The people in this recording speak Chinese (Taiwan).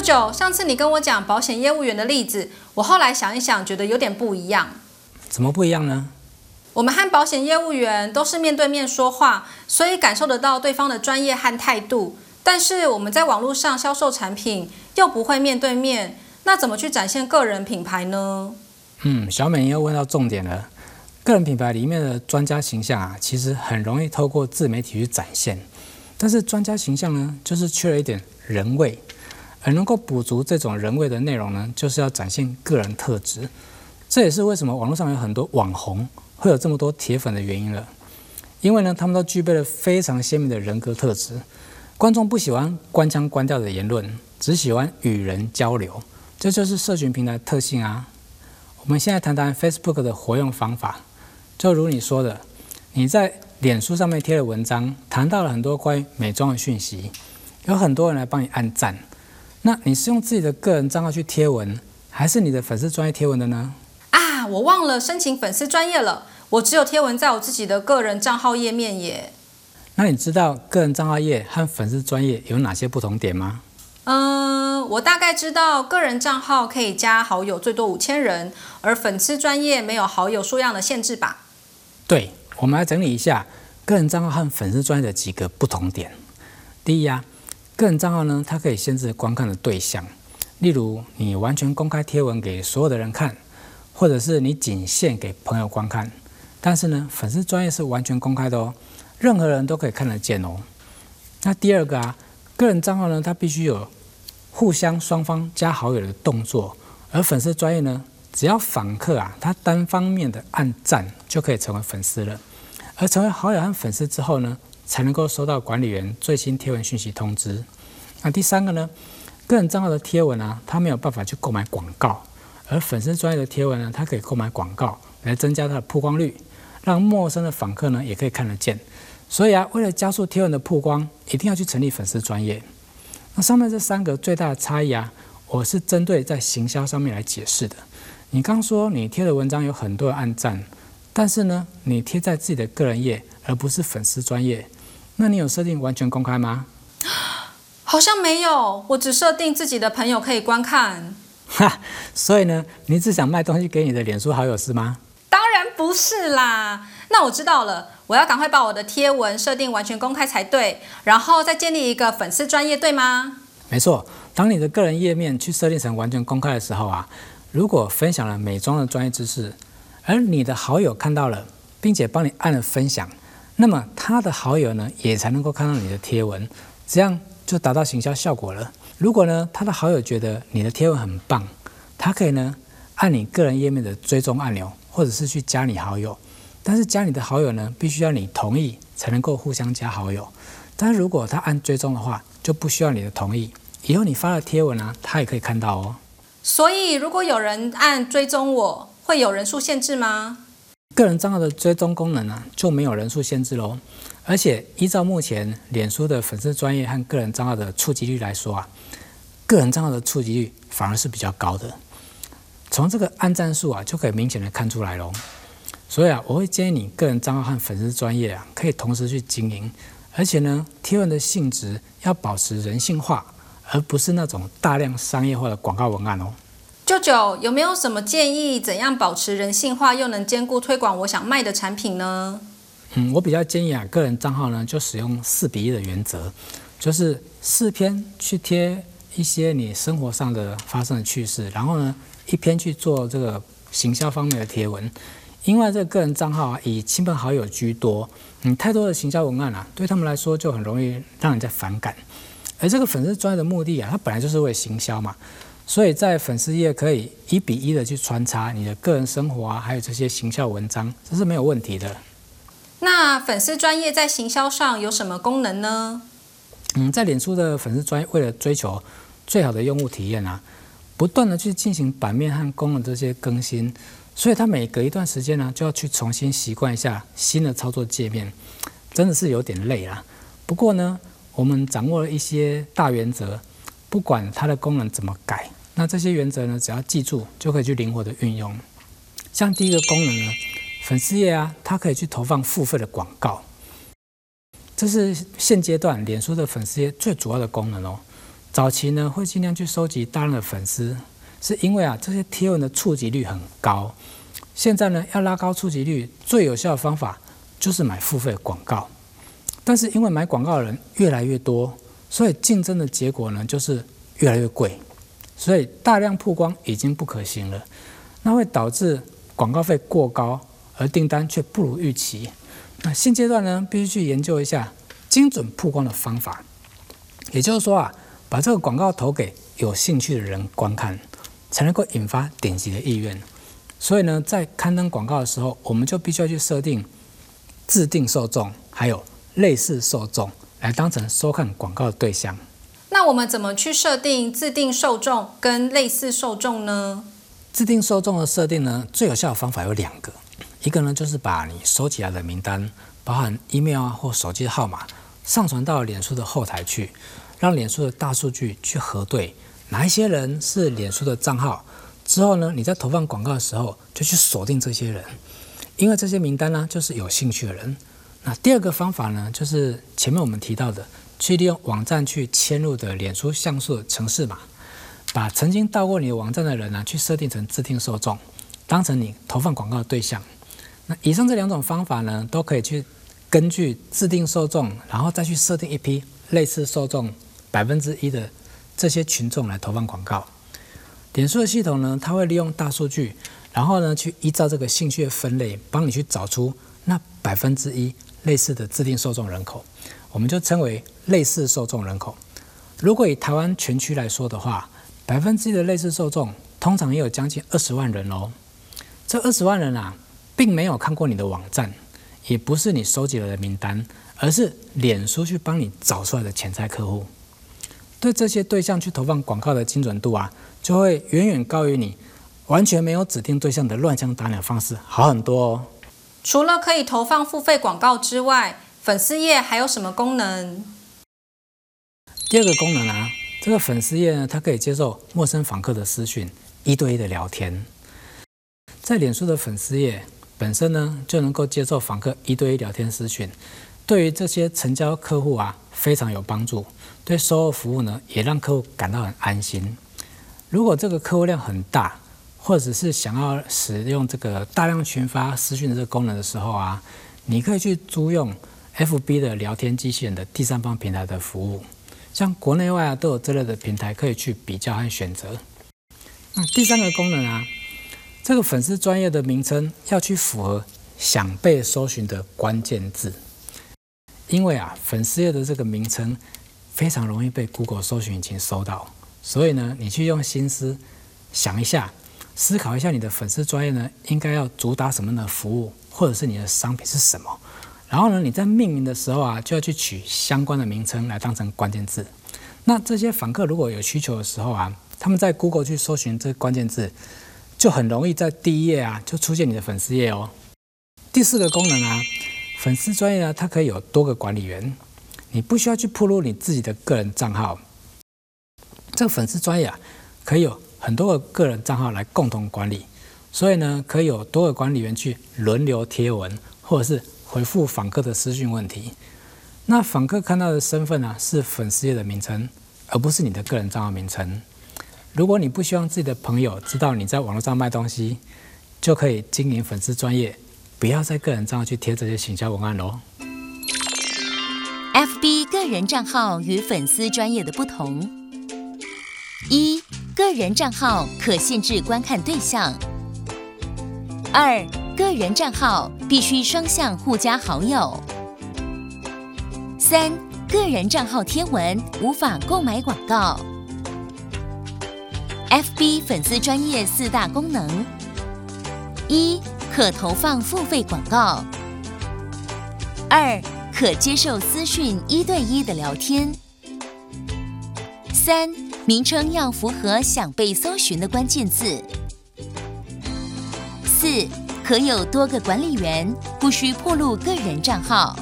舅舅，上次你跟我講保險業務員的例子，我後來想一想，覺得有點不一樣。怎麼不一樣呢？我們和保險業務員都是面對面說話，所以感受得到對方的專業和態度。但是我們在網絡上銷售產品，又不會面對面，那怎麼去展現個人品牌呢？嗯，小美，你又問到重點了。個人品牌裡面的專家形象啊，其實很容易透過自媒體去展現，但是專家形象呢，就是缺了一點人味。而能夠補足這種人味的內容呢，就是要展現個人特質。這也是為什麼網絡上有很多網紅會有這麼多鐵粉的原因了。因為呢，他們都具備了非常鮮明的人格特質。觀眾不喜歡官腔官調的言論，只喜歡與人交流。這就是社群平台的特性啊。我們現在談談 Facebook 的活用方法。就如你說的，你在臉書上面貼了文章，談到了很多關於美妝的訊息，有很多人來幫你按讚。那你是用自己的個人賬號去貼文，還是你的粉絲專頁貼文的呢？啊，我忘了申請粉絲專頁了，我只有貼文在我自己的個人賬號頁面耶。那你知道個人賬號頁和粉絲專頁有哪些不同點嗎？嗯，我大概知道個人賬號可以加好友最多五千人，而粉絲專頁沒有好友數量的限制吧？對，我們來整理一下個人賬號和粉絲專頁的幾個不同點。第一呀、啊。個人賬號呢，它可以限制觀看的對象，例如你完全公開貼文給所有的人看，或者是你僅限給朋友觀看。但是呢，粉絲專頁是完全公開的哦，任何人都可以看得見哦。那第二個啊，個人賬號呢，它必須有互相雙方加好友的動作，而粉絲專頁呢，只要訪客啊，他單方面的按讚就可以成為粉絲了。而成為好友和粉絲之後呢，才能夠收到管理員最新貼文訊息通知。那第三個呢，個人賬號的貼文啊，它沒有辦法去購買廣告，而粉絲專業的貼文呢、啊，它可以購買廣告來增加它的曝光率，讓陌生的訪客呢也可以看得見。所以啊，為了加速貼文的曝光，一定要去成立粉絲專業。那上面這三個最大的差異啊，我是針對在行銷上面來解釋的。你剛說你貼的文章有很多的按讚，但是呢，你貼在自己的個人頁而不是粉絲專業。那你有設定完全公開嗎？好像沒有，我只設定自己的朋友可以觀看。哈， 所以呢，你只想賣東西給你的臉書好友是嗎？當然不是啦。那我知道了，我要趕快把我的貼文設定完全公開才對，然後再建立一個粉絲專頁，對嗎？沒錯，當你的個人頁面去設定成完全公開的時候啊，如果分享了美妝的專業知識，而你的好友看到了，並且幫你按了分享。那麼他的好友呢，也才能夠看到你的貼文，這樣就達到行銷效果了。如果呢，他的好友覺得你的貼文很棒，他可以呢，按你個人頁面的追蹤按鈕，或者是去加你好友。但是加你的好友呢，必須要你同意才能夠互相加好友。但如果他按追蹤的話，就不需要你的同意。以後你發了貼文啊，他也可以看到哦。所以如果有人按追蹤我，我會有人數限制嗎？個人賬號的追蹤功能呢、啊、就沒有人數限制嘍，而且依照目前臉書的粉絲專頁和個人賬號的觸及率來說啊，個人賬號的觸及率反而是比較高的，從這個按讚數啊就可以明顯的看出來嘍。所以啊，我會建議你個人賬號和粉絲專頁啊可以同時去經營，而且呢，貼文的性質要保持人性化，而不是那種大量商業化的廣告文案哦。舅舅有沒有什麼建議？怎樣保持人性化，又能兼顧推廣我想賣的產品呢？嗯，我比較建議啊，個人賬號呢就使用四比一的原則，就是四篇去貼一些你生活上的發生的趣事，然後呢一篇去做這個行銷方面的貼文。因為這個個人賬號啊，以親朋好友居多，嗯，太多的行銷文案啊，對他們來說就很容易讓人家反感。而這個粉絲專頁的目的啊，它本來就是為行銷嘛。所以在粉絲頁可以一比一的去穿插你的個人生活啊，還有這些行銷文章，這是沒有問題的。那粉絲專頁在行銷上有什麼功能呢？嗯，在臉書的粉絲專頁為了追求最好的用戶體驗啊，不斷的去進行版面和功能這些更新，所以他每隔一段時間呢、啊，就要去重新習慣一下新的操作介面，真的是有點累啊。不過呢，我們掌握了一些大原則，不管它的功能怎麼改。那這些原則呢，只要記住就可以去靈活的運用。像第一個功能呢，粉絲頁啊，它可以去投放付費的廣告，這是現階段臉書的粉絲頁最主要的功能哦。早期呢，會盡量去收集大量的粉絲，是因為啊，這些貼文的觸及率很高。現在呢，要拉高觸及率，最有效的方法就是買付費廣告，但是因為買廣告的人越來越多，所以競爭的結果呢，就是越來越貴。所以大量曝光已經不可行了，那會導致廣告費過高，而訂單卻不如預期。那現階段呢，必須去研究一下精準曝光的方法，也就是說啊，把這個廣告投給有興趣的人觀看，才能夠引發點擊的意願。所以呢，在刊登廣告的時候，我們就必須要去設定、制定受眾，還有類似受眾，來當成收看廣告的對象。那我們怎麼去設定自定受眾跟類似受眾呢？自定受眾的設定呢，最有效的方法有兩個。一個呢，就是把你收集來的名單，包含 email 啊或手機號碼，上傳到臉書的後台去，讓臉書的大數據去核對哪一些人是臉書的賬號。之後呢，你在投放廣告的時候，就去鎖定這些人，因為這些名單呢、啊，就是有興趣的人。那第二個方法呢，就是前面我們提到的。去利用網站去嵌入，的臉書像素程式碼，把曾經到過你的網站的人呢、啊，去設定成自定受眾，當成你投放廣告的對象。那以上這兩種方法呢，都可以去根據自定受眾，然後再去設定一批類似受眾百分之一的這些群眾來投放廣告。臉書的系統呢，它會利用大數據，然後呢去依照這個興趣的分類，幫你去找出那百分之一類似的自定受眾人口。我們就稱為類似受眾人口。如果以台灣全區來說的話，百分之一的類似受眾，通常也有將近二十萬人哦。這二十萬人啊，並沒有看過你的網站，也不是你收集了的名單，而是臉書去幫你找出來的潛在客戶。對這些對象去投放廣告的精準度啊，就會遠遠高於你完全沒有指定對象的亂槍打鳥方式，好很多哦。除了可以投放付費廣告之外，粉絲頁還有什麼功能？第二個功能啊，這個粉絲頁呢，它可以接受陌生訪客的私訊，一對一的聊天。在臉書的粉絲頁本身呢，就能夠接受訪客一對一聊天私訊，對於這些成交客戶啊，非常有幫助，對售後服務呢，也讓客戶感到很安心。如果這個客戶量很大，或者是想要使用這個大量群發私訊的這個功能的時候啊，你可以去租用。FB 的聊天機器人的第三方平台的服務，像國內外啊都有這類的平台可以去比較和選擇。那第三個功能啊，這個粉絲專頁的名稱要去符合想被搜尋的關鍵字，因為啊粉絲頁的這個名稱非常容易被 Google 搜尋引擎搜到，所以呢，你去用心思想一下，思考一下你的粉絲專頁呢應該要主打什麼樣的服務，或者是你的商品是什麼。然後呢，你在命名的時候啊，就要去取相關的名稱來當成關鍵字。那這些訪客如果有需求的時候啊，他們在 Google 去搜尋這個關鍵字，就很容易在第一頁啊就出現你的粉絲頁哦。第四個功能啊，粉絲專頁啊，它可以有多個管理員，你不需要去曝露你自己的個人賬號。這個粉絲專頁啊，可以有很多個個人賬號來共同管理，所以呢，可以有多個管理員去輪流貼文，或者是。回復訪客的私訊問題，那訪客看到的身份呢、啊、是粉絲頁的名稱，而不是你的個人賬號名稱。如果你不希望自己的朋友知道你在網絡上賣東西，就可以經營粉絲專頁，不要在個人賬號去貼這些行銷文案嘍。FB 個人賬號與粉絲專頁的不同：一、個人賬號可限制觀看對象；二。個人賬號必須雙向互加好友。三、個人賬號貼文無法購買廣告。FB 粉絲專業四大功能：一、可投放付費廣告；二、可接受私訊一對一的聊天；三、名稱要符合想被搜尋的關鍵字。四。可有多個管理員，不需暴露個人賬號。